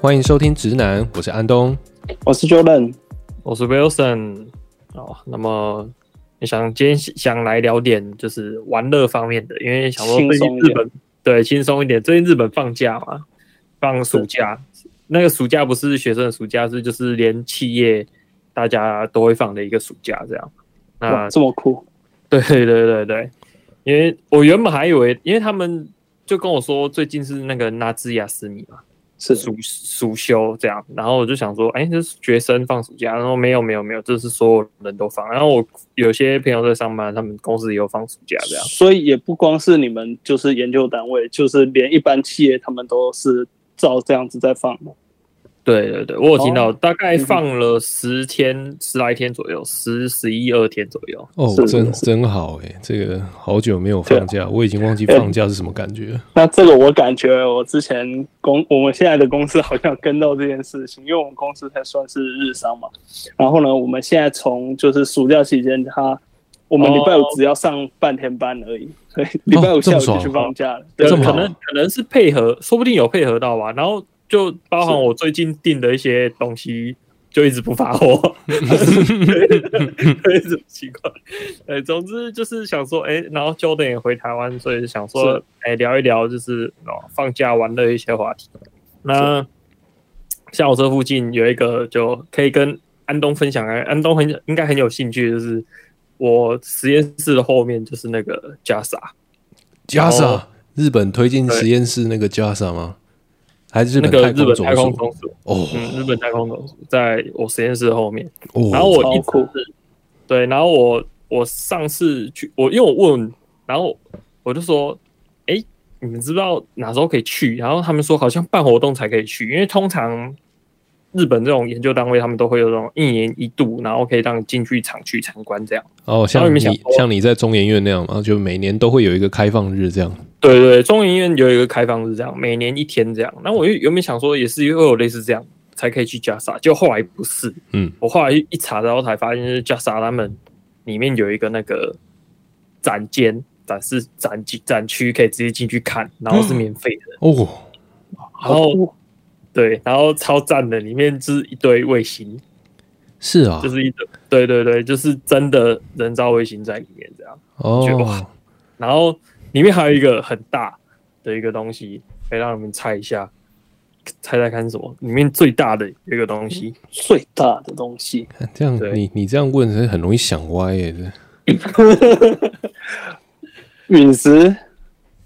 歡迎收聽《直男》，我是安東，我是 John。我是 Wilson。哦，那麼你想今天想來聊點就是玩樂方面的，因為想說最近日本，對，輕鬆一點，最近日本放假嘛，放暑假，對那個暑假不是學生的暑假，是就是連企業大家都會放的一個暑假這樣。那這麼酷！對對對對，因為我原本還以為，因為他們就跟我說最近是那個那茲亞斯米嘛。是暑暑休這樣，然後我就想說，哎，這是學生放暑假，然後沒有沒有沒有，這是所有人都放。然後我有些朋友在上班，他們公司也有放暑假這樣。所以也不光是你們，就是研究單位，就是連一般企業，他們都是照這樣子在放的。對對對，我有聽到，哦、大概放了十天十、嗯、來天左右，十十一二天左右。哦，是是真真好誒、欸，這個好久沒有放假，對我已經忘記放假是什麼感覺、欸。那這個我感覺，我之前公我們現在的公司好像跟到這件事情，因為我們公司才算是日商嘛。然後呢，我們現在從就是暑假期間，他我們禮拜五只要上半天班而已，哦、所以禮拜五下午就去放假了。哦這哦、對，這可能可能是配合，說不定有配合到吧。然後。就包含我最近訂的一些東西，就一直不發貨是，種奇怪。呃，總之就是想說，誒、欸，然後 Jordan 也回台灣，所以想說，誒是、欸，聊一聊就是，哦、放假玩的一些話題。那是像我這附近有一個，就可以跟安東分享，安東很應該很有興趣，就是我實驗室的後面就是那個 JASA JASA 後日本推進實驗室那個 JASA 嗎？還是那個日本太空總署，哦、嗯，日本太空總署在我實驗室後面。哦、然後我一出酷對，然後我我上次去，我因為我問，然後我就說，哎、欸，你們知道哪時候可以去？然後他們說好像辦活動才可以去，因為通常。日本這種研究單位，他們都會有這種一年一度，然後可以讓你進去廠區參觀這樣。哦，像你想像你在中研院那樣嘛，就每年都會有一個開放日這樣。對對對，中研院有一個開放日這樣，每年一天這樣。那我有沒有想說，也是因為我有類似這樣，才可以去加沙？就後來不是，嗯，我後來一查然後才發現，是加沙他們裡面有一個那個展間展示展展區，可以直接進去看，然後是免費的哦，好，然後。哦對，然後超讚的，裡面是一堆衛星，是啊、哦，就是一堆，對對對，就是真的人造衛星在裡面，這樣哦、oh. 然後裡面還有一個很大的一個東西，可以讓你們猜一下，猜猜看，看是什麼？裡面最大的一個東西，最大的東西。這樣，對你你這樣問是很容易想歪耶。隕石，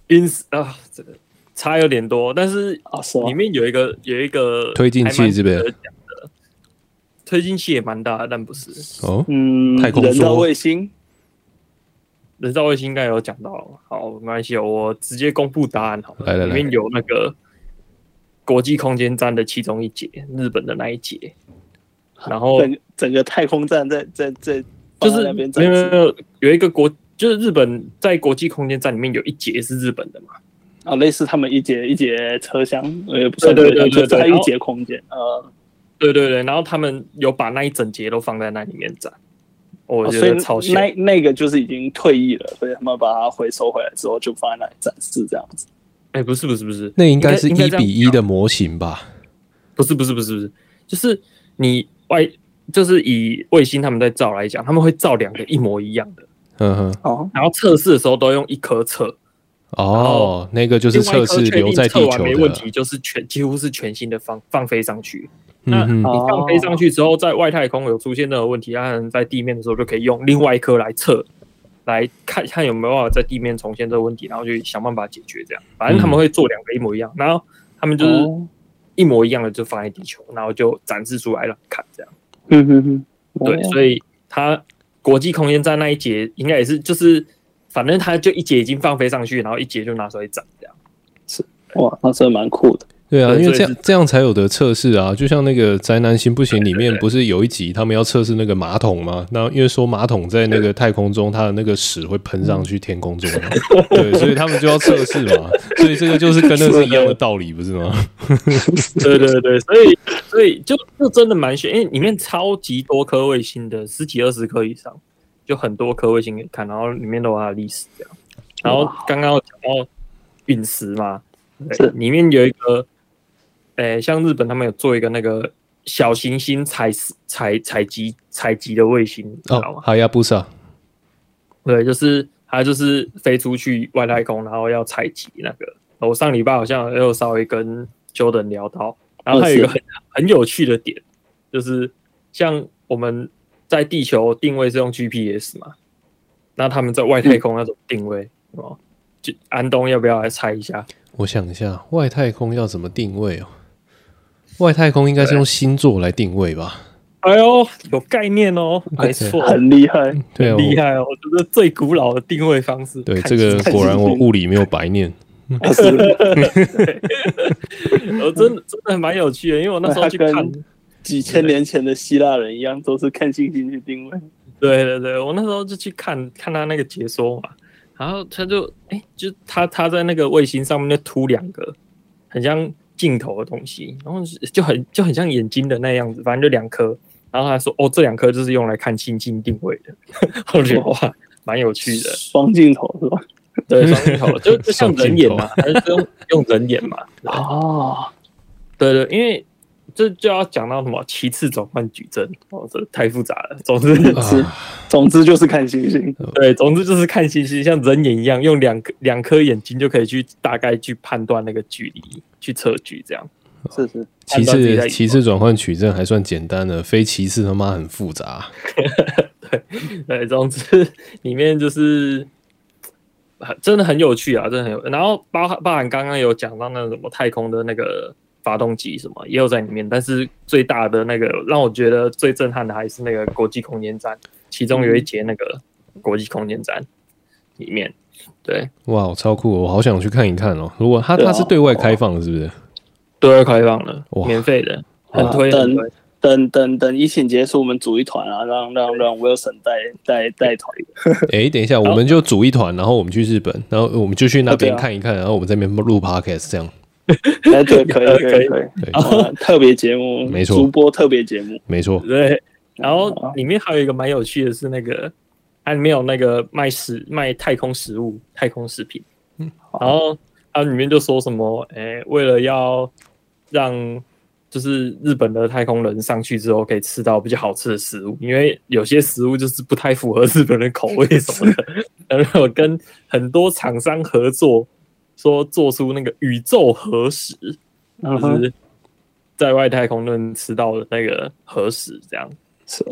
隕石 時啊，這個。差有點多，但是裡面有一個、啊啊、有一個推進器這邊，推進器也蠻大，但不是哦。嗯，太空，人造衛星，人造衛星應該有講到。好，沒關係，我直接公布答案好了。來，來來，裡面有那個國際空間站的其中一節，日本的那一節，然後整整個太空站在在在站就是因為有，有，有一個國，就是日本在國際空間站裡面有一節是日本的嘛。啊、哦，類似他們一節一節車廂，呃，不是，對對對，就那一節空間，後呃，對對對，然後他們有把那一整節都放在那裡面展。哦、我覺得所以超炫小。那那個就是已經退役了，所以他們把它回收回來之後，就放在那裡展示這樣子。哎、欸，不是不是不是，應那應該是一比一的模型吧？不是不是不是不是，就是你外，就是以衛星他們在造來講，他們會造兩個一模一樣的，嗯哼呵，哦，然後測試的時候都用一顆測。哦，那個就是測試留在地球沒問題，就是全幾乎是全新的放放飛上去。那你放飛上去之後，在外太空有出現任何問題，它在地面的時候就可以用另外一顆來測，來看一下有沒有辦法在地面重現這個問題，然後去想辦法解決。這樣，反正他們會做兩個一模一樣，然後他們就是一模一樣的就放在地球，然後就展示，出來了看這樣。嗯嗯嗯，對，所以它國際空間站那一節應該也是就是。反正它就一節已經放飛上去，然後一節就拿出來砸，這樣是哇，那真的蠻酷的。對啊，因為這樣這樣才有的測試啊。就像那個《宅男行不行》裡面，不是有一集他們要測試那個馬桶嗎？對對對，那因為說馬桶在那個太空中，對它的那個屎會噴上去天空中，嗯、對，所以他們就要測試嘛。 所以這個就是跟那個是一樣的道理，不是嗎？ 對，對對對，所以所以就就真的蠻炫。因為裡面超級多顆衛星的，十幾二十顆以上。就很多顆衛星給看，然後裡面都有它的歷史這樣。然後剛剛講到隕石嘛，裡面有一個誒，像日本他們有做一個那個小行星採採採集採集的衛星哦，哈亞布薩。對，就是它就是飛出去外太空，然後要採集那個。我上禮拜好像有稍微跟 Jordan 聊到，然後還有一個很是很有趣的點，就是像我們。在地球定位是用 GPS 嘛。那他們在外太空要怎麼定位哦？就、嗯、安東要不要來猜一下？我想一下，外太空要怎麼定位哦？外太空應該是用星座來定位吧？哎呦，有概念哦，對沒錯錯，很厲害，對哦，厲害哦！我，我覺得最古老的定位方式，對，這個果然我物理沒有白念， 我真的真的蠻有趣的，因為我那時候去看。幾千年前的希臘人一樣，對對對，都是看星星去定位。對對對，我那時候就去看看他那個解說嘛，然後他就誒、欸，就他他在那個衛星上面就凸兩個，很像鏡頭的東西，然後就很就很像眼睛的那樣子，反正就兩顆。然後他說：“哦，這兩顆就是用來看星星定位的。”我覺得哇，蠻有趣的。哦，雙鏡頭是吧？對，雙鏡頭就就像人眼嘛，還是用用人眼嘛？哦，對，對對，因為。這就，就要講到什麼？齊次轉換矩陣，哦，這個，太複雜了。總之、就是啊、總之就是看星星。對，總之就是看星星，像人眼一樣，用兩顆兩顆眼睛就可以去大概去判斷那個距離，去測距這樣。是是。齊次，齊次轉換矩陣還算簡單的，非齊次他媽很複雜。 對對，總之裡面就是，真的很有趣啊，真的很有趣。然後包包含剛剛有講到那個什麼太空的那個。發動機什麼也有在裡面，但是最大的那個讓我覺得最震撼的還是那個國際空間站，其中有一節那個國際空間站裡面，對，哇，超酷，我好想去看一看哦、喔。如果它、啊、它是對外開放，是不是？對外、啊、開放的，哇免費的，很、啊、推等等等等，推等等等疫情結束，我們組一團啊，讓讓讓，Wilson 帶帶帶團。哎 欸，等一下，好我們就組一團，然後我們去日本，然後我們就去那邊看一看，啊啊然後我們在那邊錄 podcast 這樣。那 對，可以可以可以。特別節目，沒錯，主播特別節目，沒錯。對，錯然後裡面還有一個蠻有趣的，是那個好好它裡面有那個賣食賣太空食物、太空食品。嗯好，然後它裡面就說什麼？哎、欸，為了要讓就是日本的太空人上去之後可以吃到比較好吃的食物，因為有些食物就是不太符合日本的口味什麼的，是然後跟很多廠商合作。說做出那個宇宙核食，uh huh. 就是在外太空能吃到的那個核食這樣。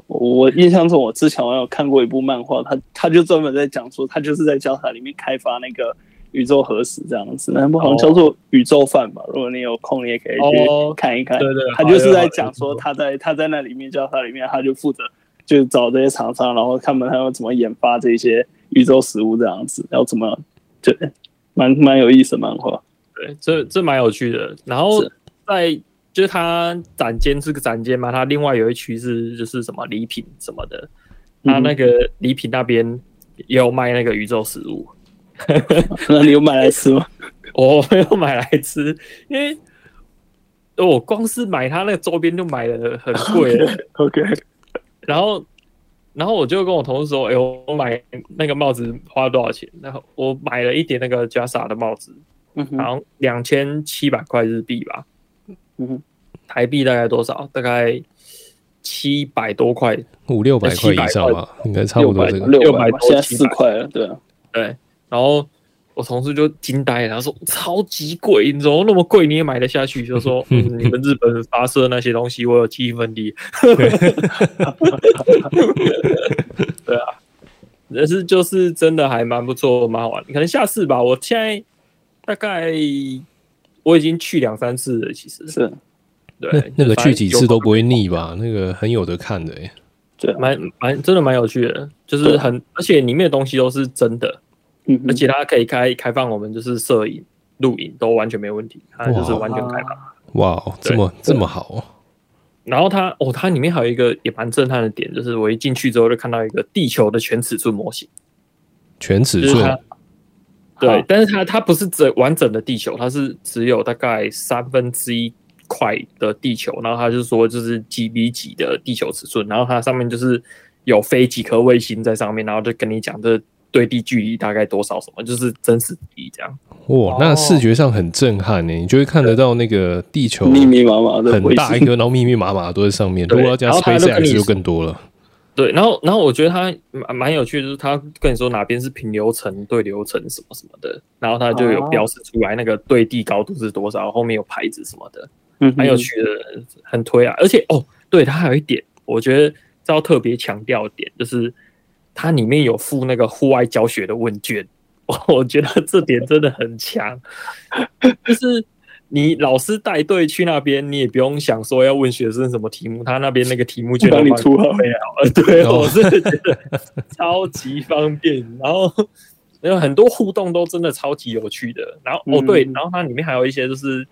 我我印象中，我之前我有看過一部漫畫，他他就專門在講說，他就是在教堂裡面開發那個宇宙核食這樣子，那部好像叫做《宇宙飯》吧。Oh. 如果你有空，你也可以去看一看。Oh. 對對，他就是在講說，他在、oh. 他在那裡面教他裡面，他就負責就找這些廠商，然後看他們還要怎麼研發這些宇宙食物這樣子，然後怎麼對。蠻蠻有意思的漫畫，對，這這蠻有趣的。然後在是就是他展間是個展間嘛，他另外有一區是就是什麼禮品什麼的，他那個禮品那邊也有賣那個宇宙食物，嗯、 那你有買來吃嗎？ 我沒有買來吃，因為我光是買他那個周邊就買了很貴的 OK, okay. 然後。然後我就跟我同事說：“哎、欸，我買那個帽子花了多少錢？”然後我買了一頂那個 Jasa 的帽子，然後兩千七百塊日幣吧，嗯、哼台幣大概多少？大概七百多塊，五六百塊以上吧，啊、應該差不多六百，現在四塊了，對啊，對，然後。我同事就驚呆了，他說超級貴，你怎麼那麼貴你也買得下去？就說、嗯、你們日本發射那些東西，我有七分力。對， 對啊，但是就是真的還蠻不錯，蠻好玩。可能下次吧，我現在大概我已經去兩三次了，其實是。對那，那個去幾次都不會膩吧？那個很有得看的、欸，對，蠻蠻真的蠻有趣的，就是很而且裡面的東西都是真的。嗯，而且它可以開開放，我們就是攝影、錄影都完全沒有問題，它就是完全開放。哇對這，這麼這麼好哦。然後它哦，它裡面還有一個也蠻震撼的點，就是我一進去之後就看到一個地球的全尺寸模型，全尺寸。對，好但是它它不是整，完整的地球，它是只有大概三分之一塊的地球。然後它就是說，就是幾比幾的地球尺寸。然後它上面就是有飛幾顆衛星在上面，然後就跟你講這。對地距離大概多少？什麼就是真實地這樣。哇、哦，那視覺上很震撼呢、欸，你就會看得到那個地球密密麻麻的很大一顆，然後密密麻麻都在上面。如果要加 SpaceX 就更多了。對，然後然後我覺得他蠻蠻有趣的，就是他跟你說哪邊是平流層、對流層什麼什麼的，然後他就有標示出來那個對地高度是多少，後面有牌子什麼的，嗯，很有趣的，很推啊。而且哦，對他還有一點，我覺得這要特別強調一點就是。它裡面有附那個戶外教學的問卷，我覺得這點真的很強， 就是你老師帶隊去那邊，你也不用想說要問學生什麼題目，他那邊那個題目就能幫你出好沒有？ 對，我是覺得超級方便。 然後有很多互動都真的超級有趣的。然後、嗯、哦對，然後它裡面還有一些就是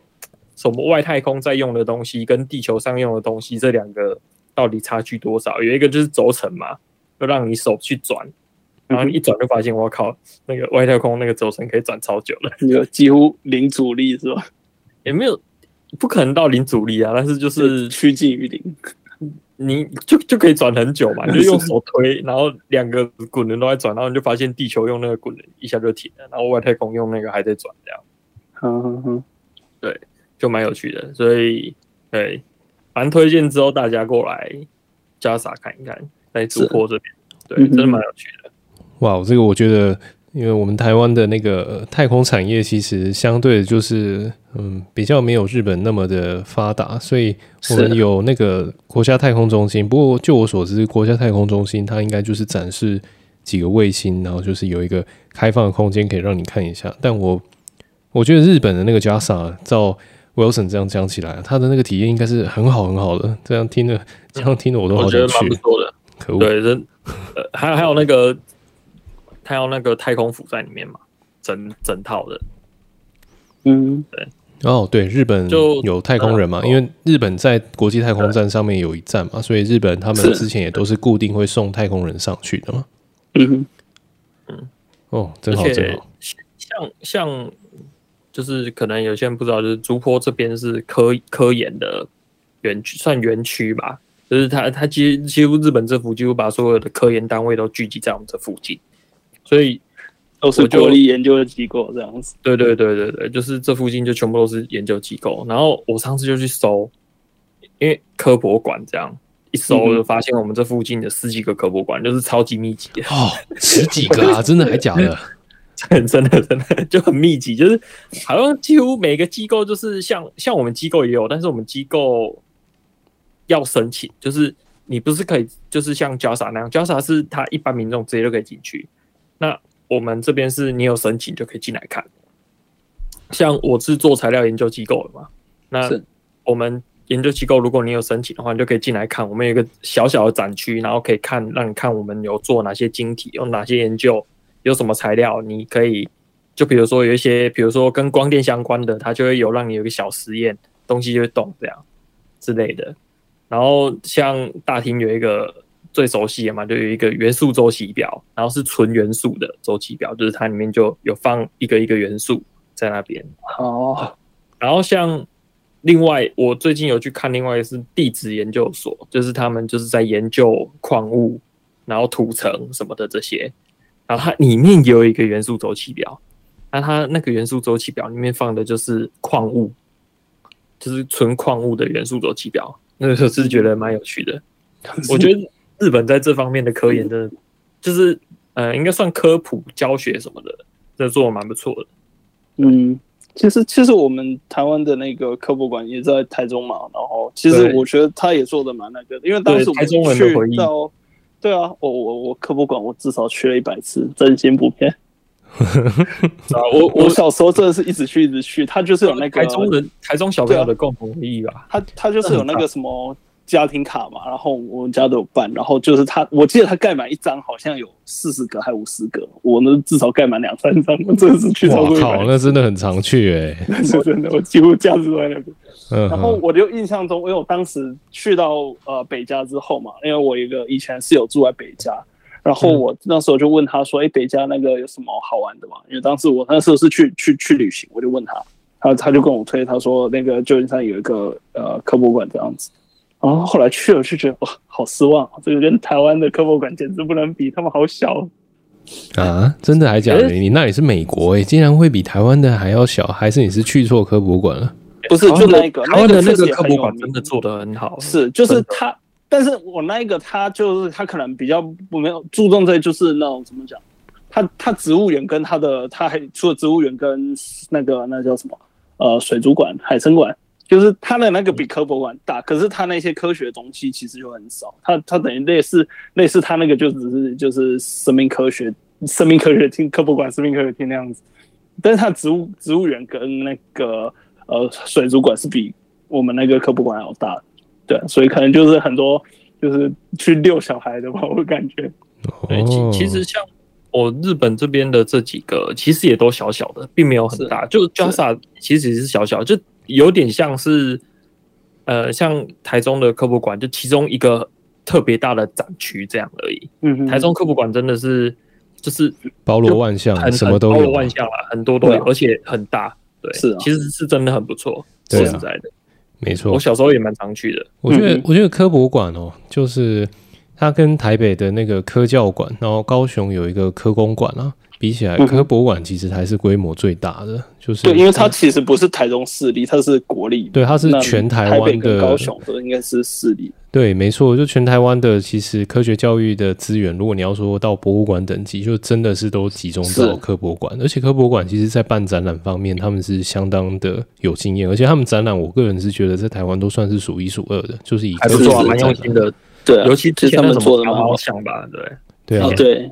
什麼外太空在用的東西跟地球上用的東西，這兩個到底差距多少？有一個就是軸承嘛。就讓你手去轉，然後你一轉就發現，我靠，那個外太空那個軸承可以轉超久了， 有幾乎零阻力是吧？也沒有不可能到零阻力啊，但是就是趨近於零，你就就可以轉很久嘛， 就用手推，然後兩個滾輪都在轉，然後你就發現地球用那個滾輪一下就停了，然後外太空用那個還在轉這樣。嗯嗯嗯，對，就蠻有趣的，所以對，反正推薦，之後大家過來加啥看一看。在祖國這邊，是對，真的蠻有趣的嗯嗯。哇，這個我覺得，因為我們台灣的那個太空產業，其實相對的就是，嗯，比較沒有日本那麼的發達，所以我們有那個國家太空中心。的不過，就我所知，國家太空中心它應該就是展示幾個衛星，然後就是有一個開放的空間可以讓你看一下。但我我覺得日本的那個 JAXA 照 Wilson、well、這樣講起來，他的那個體驗應該是很好很好的。這樣聽的，這樣聽的我都好想去。可對，呃，還有還有那個，他 有那個太空服在裡面嘛，整整套的。嗯，對。哦，對，日本有太空人嘛？呃、因為日本在國際太空站上面有一站嘛，對所以日本他們之前也都是固定會送太空人上去的嘛。嗯嗯，哦，真好真好。而且像像，就是可能有些人不知道，就是筑波這邊是科科研的園區，算園區吧？就是他，他其實幾乎日本政府幾乎把所有的科研單位都聚集在我們這附近，所以就都是國立研究的機構這樣子。對對對對對，就是這附近就全部都是研究機構。然後我上次就去搜，因為科博館這樣一搜，就發現我們這附近的十幾個科博館就是超級密集的。哦，十幾個啊，真的還假的？真 真的真的就很密集，就是好像幾乎每個機構就是像像我們機構也有，但是我們機構。要申請，就是你不是可以，就是像 JAXA 那樣，JAXA 是他一般民眾直接就可以進去。那我們這邊是你有申請就可以進來看。像我是做材料研究機構的嘛，那我們研究機構，如果你有申請的話，你就可以進來看。我們有一個小小的展區，然後可以看，讓你看我們有做哪些晶體，有哪些研究，有什麼材料，你可以就比如說有一些，比如說跟光電相關的，它就會有讓你有一個小實驗，東西就會動這樣之類的。然後像大廳有一個最熟悉的嘛，就有一個元素週期表，然後是純元素的週期表，就是它裡面就有放一個一個元素在那邊。哦，然後像另外我最近有去看另外一個是地質研究所，就是他們就是在研究礦物，然後土層什麼的這些，然後它裡面也有一個元素週期表，那、啊、它那個元素週期表裡面放的就是礦物，就是純礦物的元素週期表。那個時候是覺得蠻有趣的，我覺得日本在這方面的科研真的就是，呃，應該算科普教學什麼的，這做的蠻不錯的。嗯，其實其實我們台灣的那個科博館也在台中嘛，然後其實我覺得他也做的蠻那個的，因為當時我們去到，對，對啊，我我我科博館我至少去了一百次，真心不騙。 啊！我我小時候真的是一直去一直去，他就是有那個台中人、台中小朋友的共同回憶吧。他他就是有那個什麼家庭卡嘛，然後我們家都有辦，然後就是他，我記得他蓋滿一張好像有四十個還是五十個，我呢至少蓋滿兩三張，真的是去到過好，那真的很常去哎、欸，是 真的，我幾乎家住在那邊。嗯，然後我就印象中，因為我當時去到呃北加之後嘛，因為我一個以前室友住在北加。然後我那時候就問他說：“哎，北加那個有什麼好玩的嗎？”因為當時我那時候是去去去旅行，我就問他，他他就跟我推，他說那個舊金山有一個呃科博館這樣子。然後後來去了，就覺得哇，好失望，這個跟台灣的科博館簡直不能比，他們好小啊！真的還假的？你那裡是美國哎，竟然會比台灣的還要小？還是你是去錯科博館了？不是，就那個，台灣的那個科博館真的做得很好，是就是他。但是我那一個他就是他可能比較我沒有注重在就是那種怎麼講，他他植物園跟他的他還除了植物園跟那個那叫什麼呃水族館、海生館，就是他的那個比科博館大，可是他那些科學東西其實就很少，他他等於類似類似他那個就只是就是生命科學、生命科學廳科博館、生命科學廳那樣子，但是他植物植物園跟那個呃水族館是比我們那個科博館要大。對，所以可能就是很多就是去遛小孩的吧，我感覺。對其，其實像我日本這邊的這幾個，其實也都小小的，並沒有很大。是就是 u s 其實也是小小的，是就有點像是呃，像台中的科博館，就其中一個特別大的展區這樣而已。嗯嗯哼。台中科博館真的是就是就包羅萬象，什麼都有包羅萬象了，很多都有而且很大，對，對是、啊，其實是真的很不錯，對啊、實在的。沒錯，我小時候也蠻常去的。我覺得，我覺得科博館哦，就是它跟台北的那個科教館，然後高雄有一個科工館啊。比起來，嗯、科博館其實還是規模最大的，就是對，因為它其實不是台中市立，它是國立，對，它是全台灣的，高雄應該是市立，對，沒錯，就全台灣的其實科學教育的資源，如果你要說到博物館等級，就真的是都集中到科博館，是而且科博館其實在辦展覽方面，他們是相當的有經驗，而且他們展覽，我個人是覺得在台灣都算是數一數二的，就是以科博物館還是做蠻用心的，對、啊，尤其是他們做的蠻好，想吧，對，對、啊啊，對。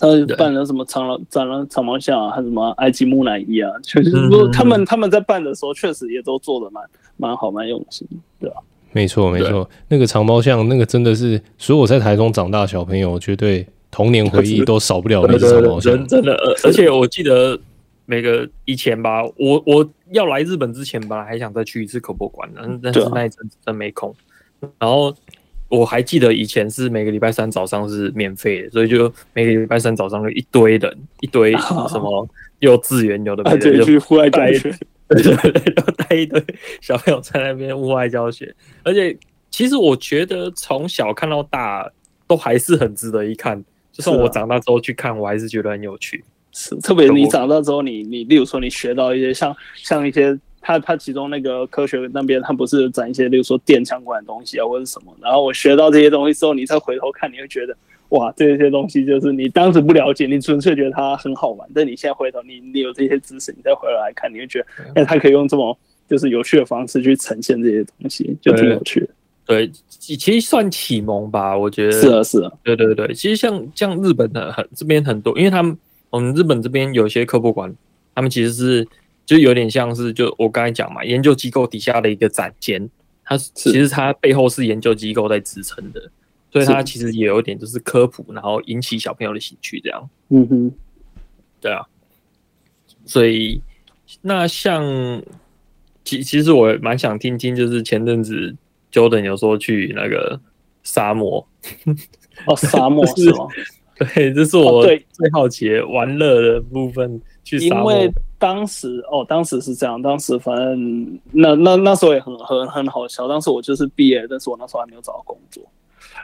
他辦了什麼長毛長了長毛象啊，對還什麼埃及木乃伊啊，確實，他們、嗯、他們在辦的時候確實也都做得蠻蠻好蠻用心的，對吧、啊？沒錯沒錯，對那個長毛象那個真的是，所有在台中長大的小朋友絕對童年回憶都少不了那個長毛象。對對對真的，而且我記得每個以前吧，我我要來日本之前吧，還想再去一次科博館，但但是那一陣真沒空，啊、然後。我還記得以前是每個禮拜三早上是免費的，所以就每個禮拜三早上有一堆人，一堆什麼幼稚園、啊、有的，對、啊，堆去戶外教一堆，對對對，然後帶一堆小朋友在那邊戶外、啊、戶外教學。而且，其實我覺得從小看到大都還是很值得一看，就算我長大之後去看，我還是覺得很有趣。是，啊、是，特別你長大之後你，你你例如說你學到一些像像一些。他他其中那個科學那邊，他不是有展一些，例如說電槍管的東西啊，或者什麼。然後我學到這些東西之後，你再回頭看，你會覺得，哇，這些東西就是你當時不了解，你純粹覺得它很好玩。但你現在回頭，你你有這些知識，你再回來看，你會覺得，哎，他可以用這麼就是有趣的方式去呈現這些東西，就挺有趣的對。對，其實算啟蒙吧，我覺得。是啊，是啊。對對對，其實像像日本的很這邊很多，因為他們我們日本這邊有些科普館，他們其實是。就有點像是，就我剛才講嘛，研究機構底下的一個展間，它其實它背後是研究機構在支撐的，是所以它其實也有點就是科普，然後引起小朋友的興趣，這樣。嗯哼，對啊，所以那像其其實我蠻想聽聽，就是前陣子 Jordan 有說去那個沙漠，哦，沙漠是嗎？ 對，這是我對最好奇的玩樂的部分。啊、對去，因為當時哦，當時是這樣，當時反正那那那時候也很很很好笑。當時我就是畢業，但是我那時候還沒有找到工作。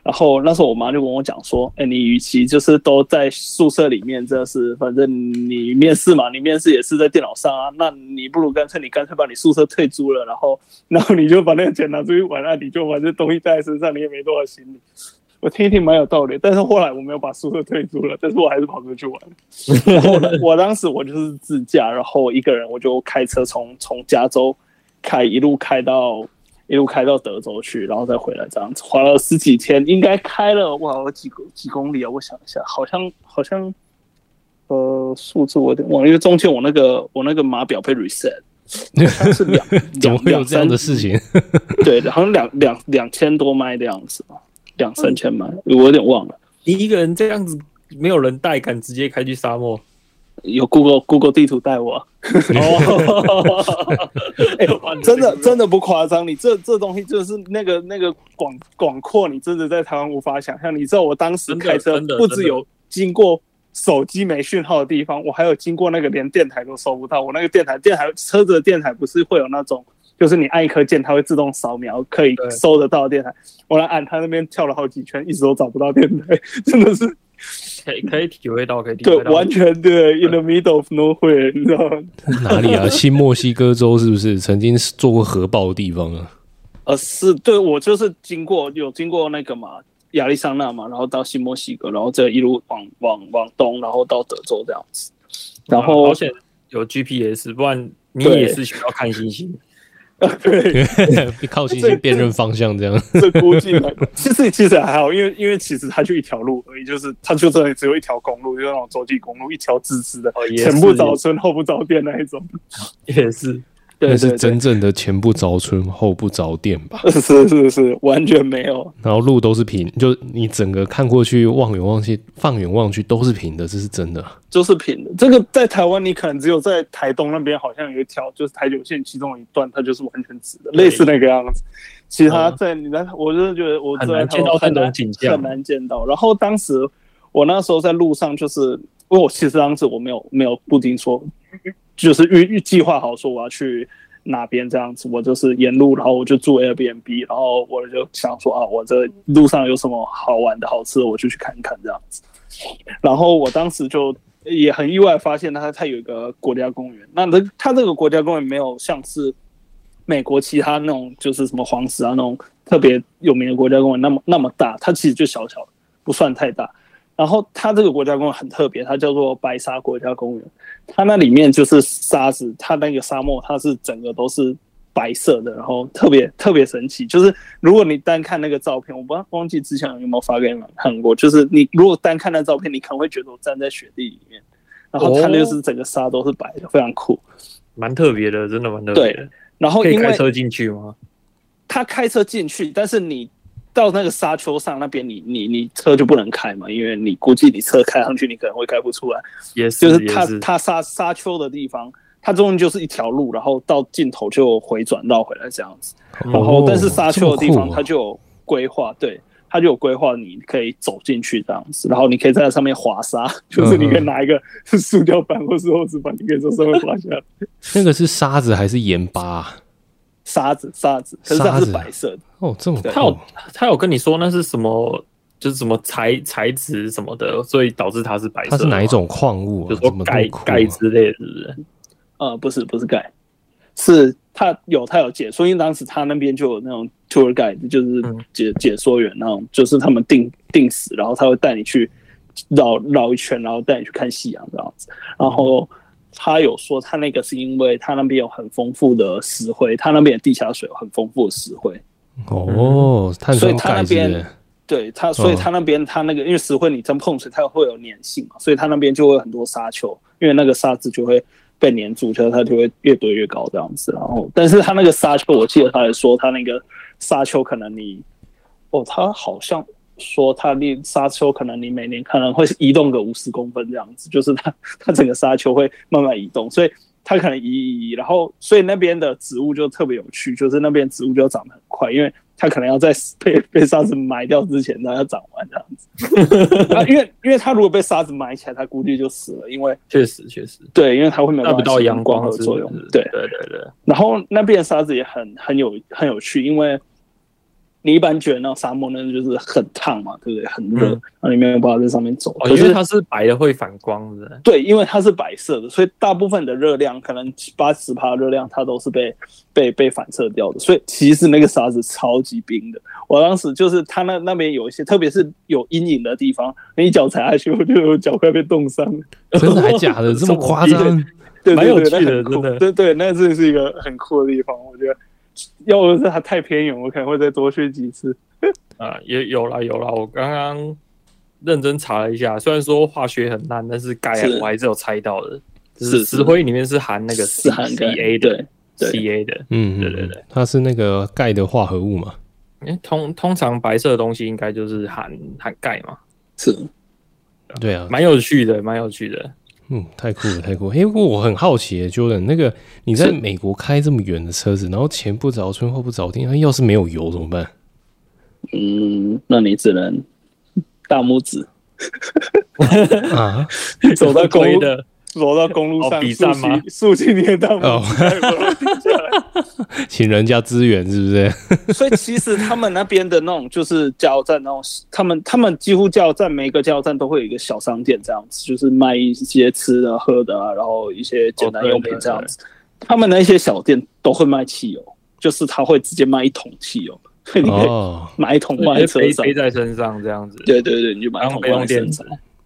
然後那時候我媽就跟我講說：“哎，你與其就是都在宿舍裡面，真的是，反正你面試嘛，你面試也是在電腦上啊。那你不如乾脆你乾脆把你宿舍退租了，然後然後你就把那個錢拿出去玩啊，你就把這東西帶在身上，你也沒多少行李。”我聽一聽蠻有道理，但是後來我沒有把宿舍退租了，但是我還是跑出去玩。我 我當時我就是自駕，然後一個人我就開車從從加州開一路開到一路開到德州去，然後再回來，這樣子花了十幾天，應該開了哇好幾幾公里啊！我想一下，好像好像呃數字我有點忘，因為中間我那個我那個碼表被 reset，是兩兩的事情，對，好像兩兩兩千多邁的樣子吧。兩三千吧，我有點忘了。你一個人這樣子，沒有人帶，敢直接開去沙漠？有 Google, Google 地圖帶我。哦、 欸，真的真的不誇張，你這這東西就是那個那個廣廣闊，你真的在台灣無法想象。你知道我當時開車，不止有經過手機沒訊號的地方，我還有經過那個連電台都收不到，我那個電台電台車子的電台不是會有那種。就是你按一顆鍵，它會自動掃描，可以搜得到電台。我對來按，它那邊跳了好幾圈，一直都找不到電台，真的是。可以體會到，可以體會到。對完全對、呃、In the middle of nowhere，、呃、你知道嗎？哪裡啊？新墨西哥州是不是 曾經做過核爆的地方啊？呃，是對，我就是經過有經過那個嘛亞利桑那嘛，然後到新墨西哥，然後這一路往往往東，然後到德州這樣子。然後、啊、保險有 GPS，不然你也是需要看星星。 對， 靠信息辨認方向這樣。這 估計其實其實還好，因為因為其實它就一條路而已，就是它就這裡只有一條公路，就那種洲際公路，一條直直的，前不着村後不着店那一種，也是。 那是真正的前不着村後不着店吧？是是是，完全沒有。然後路都是平，就你整個看過去望遠望去，放眼望去都是平的，這是真的。就是平的。這個在台灣，你可能只有在台東那邊，好像有一條就是台九線其中一段，它就是完全直的，對類似那個樣子。其他在你在，啊、我真的覺得我在台灣到，很難很難，很難見到。然後當時我那時候在路上，就是因為我其實當時我沒有沒有不聽說。就是預預計劃好說我要去哪邊這樣子，我就是沿路，然後我就住 Airbnb，然後我就想說啊，我這路上有什麼好玩的、好吃的，我就去看一看這樣子。然後我當時就也很意外發現，它它有一個國家公園。那它它這個國家公園沒有像是美國其他那種，就是什麼黃石啊那種特別有名的國家公園那麼那麼大，它其實就小小的，不算太大。然後它這個國家公園很特別，它叫做白沙國家公園。它那裡面就是沙子，它那個沙漠它是整個都是白色的，然後特別特別神奇。就是如果你單看那個照片，我忘忘記之前有沒有發給你們看過。就是你如果單看那照片，你可能會覺得我站在雪地裡面，然後它那個是整個沙都是白的，非常酷，哦、蠻特別的，真的蠻特別的。然後你可以開車進去嗎？他開車進去，但是你。到那個沙丘上那邊，你你你車就不能開嘛，因為你估計你車開上去，你可能會開不出來。也是，就是它 yes. 它沙沙丘的地方，它中間就是一條路，然後到盡頭就回轉繞回來這樣子。然後但是沙丘的地方，它就有規劃，oh, 啊、對，它就有規劃，你可以走進去這樣子，然後你可以在上面滑沙，就是你可以拿一個是塑料板或是或是把你可以在上面滑下來。 那個是沙子還是鹽巴？沙子、沙子，可是它是白色的哦，這麼他對有，他有跟你說那是什麼，就是什麼材材質什麼的，所以導致它是白色的。它是哪一種礦物、啊？就是什麼鈣、啊、鈣之類的，是不是？呃，不是，不是鈣，是他有他有解說，因為當時他那邊就有那種 tour guide，就是解解說員那種，嗯、就是他們定定死，然後他會帶你去繞繞一圈，然後帶你去看夕陽這樣子，然後。嗯他有說，他那個是因為他那邊有很豐富的石灰，他那邊地下水有很豐富的石灰。哦，所以他那邊對他，所以他那邊他那個，因為石灰你沾碰水，它會有粘性嘛，所以他那邊就會有很多沙丘，因為那個沙子就會被粘住，然後它就會越堆越高這樣子。然後，但是他那個沙丘，我記得他也說，他那個沙丘可能你，哦，他好像。說它那沙丘可能你每年可能會移動個五十公分這樣子，就是它它整個沙丘會慢慢移動，所以它可能移移，移。然後所以那邊的植物就特別有趣，就是那邊植物就長得很快，因為它可能要在被被，被沙子埋掉之前，它要長完這樣子、 啊。因為因為它如果被沙子埋起來，它估計就死了，因為確實確實對，因為它會沒有到陽光的作用，對對對、對然後那邊沙子也很很有很有，很有趣，因為。你一般覺得那種沙漠那種就是很燙嘛，對不對？很熱，那你沒有辦法在上面走。我覺得它是白的，會反光的。對，因為它是白色的，所以大部分的熱量，可能八十趴熱量，它都是被被被反射掉的。所以其實那個沙子超級冰的。我當時就是它那那邊有一些，特別是有陰影的地方，你一腳踩下去，我就腳快被凍傷。真的還假的？呵呵，這麼誇張？對，對，蠻有趣的。對對，那這是一個很酷的地方，我覺得。要不是它太偏遠，我可能會再多去幾次。 啊，也有啦有啦，我剛剛認真查了一下，雖然說化學很爛，但是鈣我還是有猜到的，就是，是石灰裡面是含那個 Ca 的，Ca 的，嗯，對對對，對、嗯，它是那個鈣的化合物嘛？哎、欸，通通常白色的東西應該就是含含鈣嘛？是，啊對啊，蠻有趣的，蠻有趣的。嗯，太酷了，太酷了！嘿、欸，不過我很好奇，Jordan，那個你在美國開這麼遠的車子，是然後前不着村後不着店，那要是沒有油怎麼辦？嗯，那你只能大拇指 啊， 走到虧的。挪到公路上，哦，比賽嗎？你到不下來。請人家支援是不是？所以其實他們那邊的那種就是加油站那種，他們他們幾乎加油站每個加油站都會有一個小商店，這樣子，就是賣一些吃的、喝的啊，然後一些簡單用品這樣子。哦，對對對，他們那些小店都會賣汽油，就是他會直接賣一桶汽油，哦，買一桶賣一車上，可以背在身上這樣子。對對對，你就買一桶桶。用電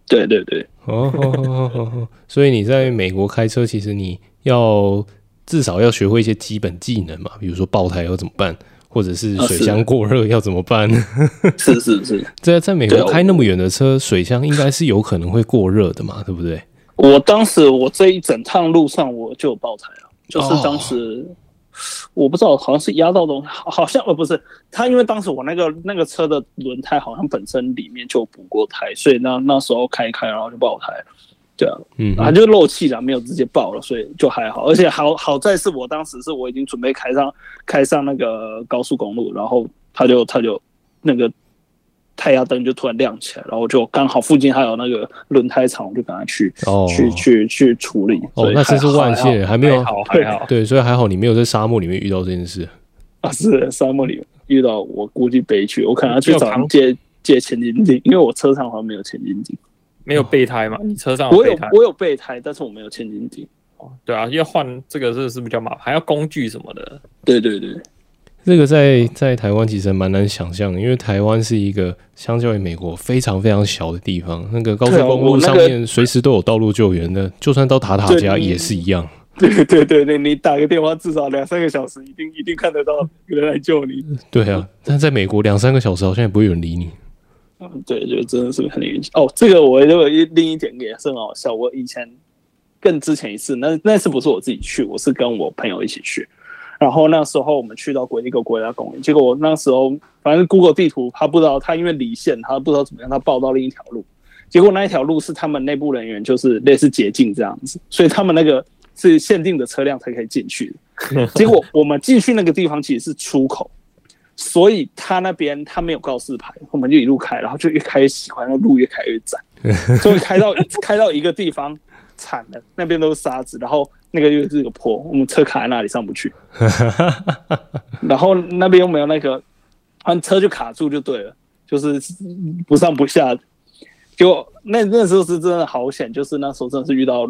對對對，哦，所以你在美國開車，其實你要至少要學會一些基本技能嘛，比如說，爆胎要怎麼辦，或者是水箱過熱要怎麼辦？是是、啊、是，在 在美國開那麼遠的車，對水箱應該是有可能會過熱的嘛，對不對？我當時我這一整趟路上我就有爆胎了，就是當時。Oh. 我不知道，好像是壓到的東西，好像呃、哦、不是他，因為當時我那個那個車的輪胎好像本身裡面就補過胎，所以那那時候開一開然後就爆胎，對啊，嗯，他就漏氣了，沒有直接爆了，所以就還好，而且好好在是我當時是我已經準備開上開上那個高速公路，然後他就他就那個。胎壓燈就突然亮起來，然後就剛好附近還有那個輪胎廠，我就趕快去、哦、去去去處理。哦，那真是萬幸，還好，還沒有，還好，還好。對，對，所以還好你沒有在沙漠裡面遇到這件事。啊，是沙漠裡面遇到我，我估計悲劇。我可能要去找借借千斤頂，因為我車上好像沒有千斤頂，沒有備胎嘛？你、嗯、車上有我有我有備胎，但是我沒有千斤頂。哦，對啊，要換這個是是比較麻煩，還要工具什麼的。對對對。這個在在台灣其實蠻難想象的，因為台灣是一個相較於美國非常非常小的地方。那個高速公路上面隨時都有道路救援的，啊那個、就算到塔塔加你也是一樣。對對對對，你打個電話，至少兩三個小時，一定一定看得到有人來救你。對啊，但在美國兩三個小時好像也不會有人理你，嗯。對，就真的是很運氣。哦，這個我這個另一點也是很好笑。我以前更之前一次，那那次不是我自己去，我是跟我朋友一起去。然後那時候我們去到另一個國家公園，結果我那時候反正 Google 地圖他不知道，他因為離線，他不知道怎麼樣，他報到另一條路，結果那一條路是他們內部人員，就是類似捷徑這樣子，所以他們那個是限定的車輛才可以進去。結果我們進去那個地方其實是出口，所以他那邊他沒有告示牌，我們就一路開，然後就越開越喜歡，那路越開越窄，終於開到開到一個地方慘了，那邊都是沙子，然後。那個又是個坡，我們車卡在那裡上不去， 然後那邊又沒有那個，他車就卡住就對了，就是不上不下，就那那時候是真的好險，就是那時候真的是遇到，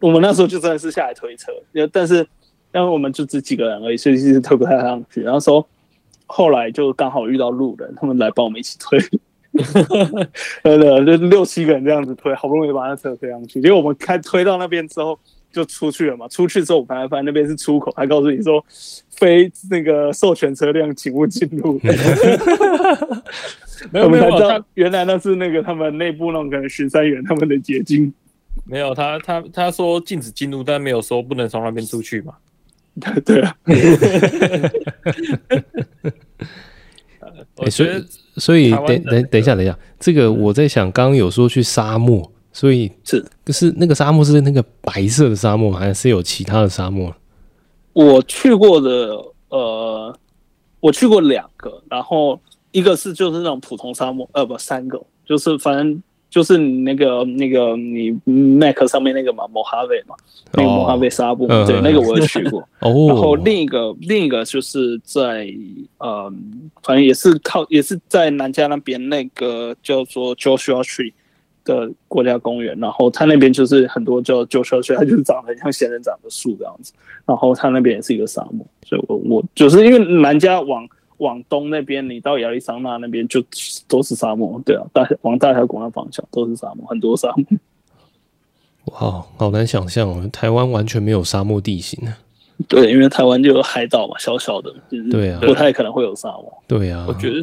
我們那時候就真的是下來推車，但是但是我們就只幾個人而已，所以其實推不太上去，然後說後來就剛好遇到路人，他們來幫我們一起推，對 的就是六七個人這樣子推，好不容易把那車推上去，結果我們開推到那邊之後。就出去了嘛，出去之後，反而發現那邊是出口，還告訴你說，非那個授權車輛，請勿進入。沒有沒有，他原來那是那個他們內部那個十三元他們的結晶。沒有，他他他說禁止進入，但沒有說不能從那邊出去嘛。 對啊。 我覺、那個欸、所以，所以等等等一下，等一下，這個我在想，剛剛有說去沙漠。所以是，是那個沙漠是那個白色的沙漠，還是有其他的沙漠？我去過的，呃，我去過兩個，然後一個是就是那種普通沙漠，呃，不，三個，就是反正就是你那個那個你 Mac 上面那個嘛，莫哈韋嘛，哦、那個莫哈韋沙漠，嗯、對，嗯、那個我也去過。哦。 然後另一個 另一個就是在呃，反正也是靠也是在南加那邊那個叫做 Joshua Tree。的國家公園，然後它那邊就是很多叫舊車，所以它就是長得很像仙人掌的樹這樣子。然後它那邊也是一個沙漠，所以我我就是因為南加往往東那邊，你到亞利桑那那邊就都是沙漠。對啊，大小往大峽谷那方向都是沙漠，很多沙漠。哇，好難想象哦，台灣完全沒有沙漠地形呢。對，因為台灣就有海島嘛，小小的，就是、對啊，不太可能會有沙漠。對啊，我覺得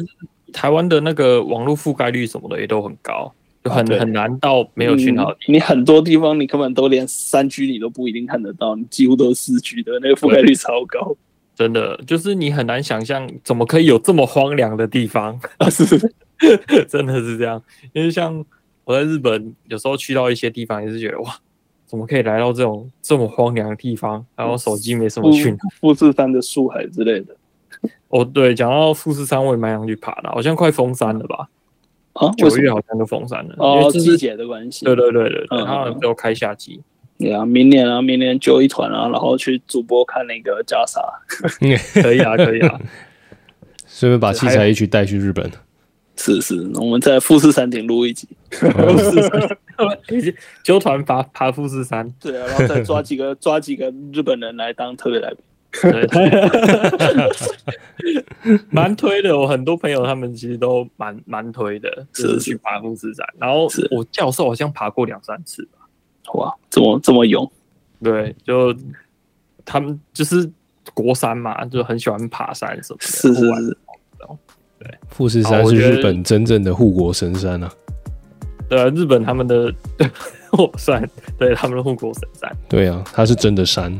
台灣的那個網絡覆蓋率什麼的也都很高。很很難到沒有信號。嗯，你很多地方你根本都連三 G 你都不一定看得到，你幾乎都是四 G 的那個覆蓋率超高，真的就是你很難想象怎麼可以有這麼荒涼的地方，啊、是 真的是這樣。因為像我在日本，有時候去到一些地方也是覺得哇，怎麼可以來到這種這麼荒涼的地方？然後手機沒什麼訊號，富士山的樹海之類的。哦，對，講到富士山，我也蠻想去爬的，好像快封山了吧？啊，為九月好像就封山了哦，季節的關係。對，對對對對，然後就開夏季。對啊，明年啊，明年揪一團啊，然後去主播看那個袈裟。 可以啊，可以啊，順便把器材一起帶去日本。是是，我們在富士山頂錄一集。富士山頂，揪團爬爬富士山。 對啊，然後再抓幾個抓幾個日本人來當特別來賓。 對，哈蠻 推的。我很多朋友他們其實都蠻蠻推的，就是去爬富士山。然後我教授好像爬過兩三次吧。哇，怎麼這麼勇？對，就他們就是國山嘛，就很喜歡爬山什麼的。是，是是是。富士山是日本真正的護國神山啊。對啊，日本他們的， 我算對他們的護國神山。對啊，它是真的山。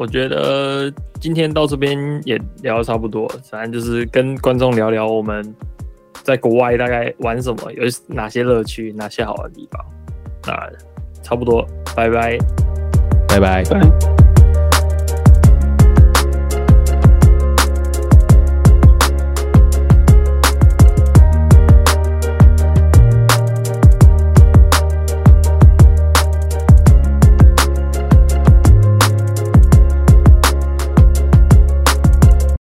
我覺得今天到這邊也聊得差不多，反正就是跟觀眾聊聊我們在國外大概玩什麼，有哪些樂趣，哪些好玩的地方。那差不多，拜拜，拜拜，拜、拜。拜拜。